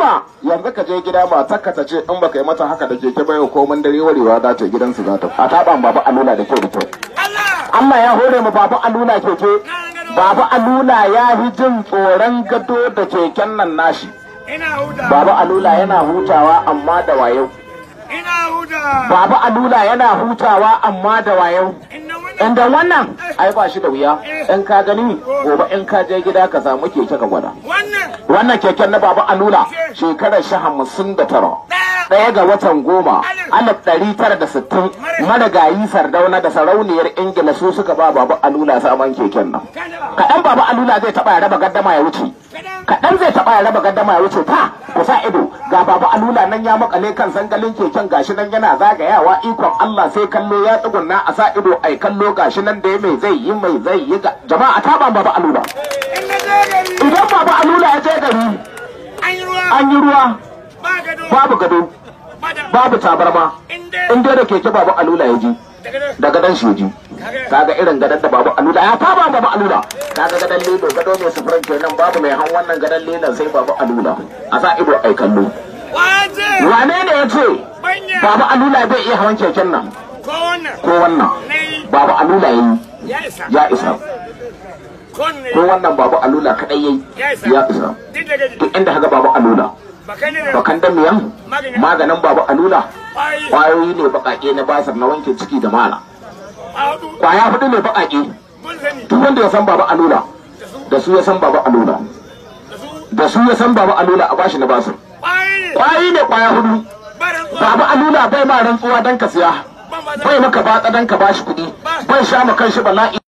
gama yanzu ka je gida ba takka ta ce in baka yi mata haka da keke ba yau komin dare warewa za ta gidansu za ta a taban baba aluna da kyau da kyau Allah ya hore mu Babu aluna keke baba aluna ya fi jin tsoron gado da keken nan nashi babu aluna yana hutawa amma da wayo baba aluna yana hutawa amma da wayo inda wannan eh. ai ba shi da wuya eh. in ka gani oh. gobe in ka je gida ka samu keke ka gwada wannan keken na Babu aluna shekarar shi hamsin da tara ɗaya ga watan goma alif ɗari tara da sittin marigayi sardauna da sarauniyar ingila su suka ba babu alula saman keken nan kaɗan babu alula zai taɓa ya raba gaddama ya wuce kaɗan zai taɓa ya raba gaddama ya wuce ta ku sa ido ga babu alula nan ya makale kan zangalin keken gashi nan yana zagayawa ikon Allah sai kallo ya tsugunna a sa ido ai kallo gashi nan da ya mai zai yi mai zai yi jama'a ta ban babu alula idan babu alula ya je gari an yi ruwa babu gado babu tabarma in da keke babu alula ya ji da gadon shi ji kaga irin gadon da babu alula ya taba babu alula kaga gadon lido, gado mai sufurin kenan babu mai han wannan gadon lido sai babu alula a sa ido ai kallo wane ne ya ce babu alula bai iya hawan keken nan ko wannan babu alula ya yi ya isa ko wannan babu alula kadai yayi ya isa duk inda haga babu alula bakan miyan maganin babu alula kwayoyi ne bakake na basar na wanke ciki da mala kwaya hudu ne bakake duk wanda ya san babu alula da su ya san babu alula da su ya san babu alula a bashi na basar kwayi ne kwaya hudu babu alula bai ma rantsuwa dan ka siya bai maka batsa dan ka bashi kuɗi bai sha ma kan shi bala'i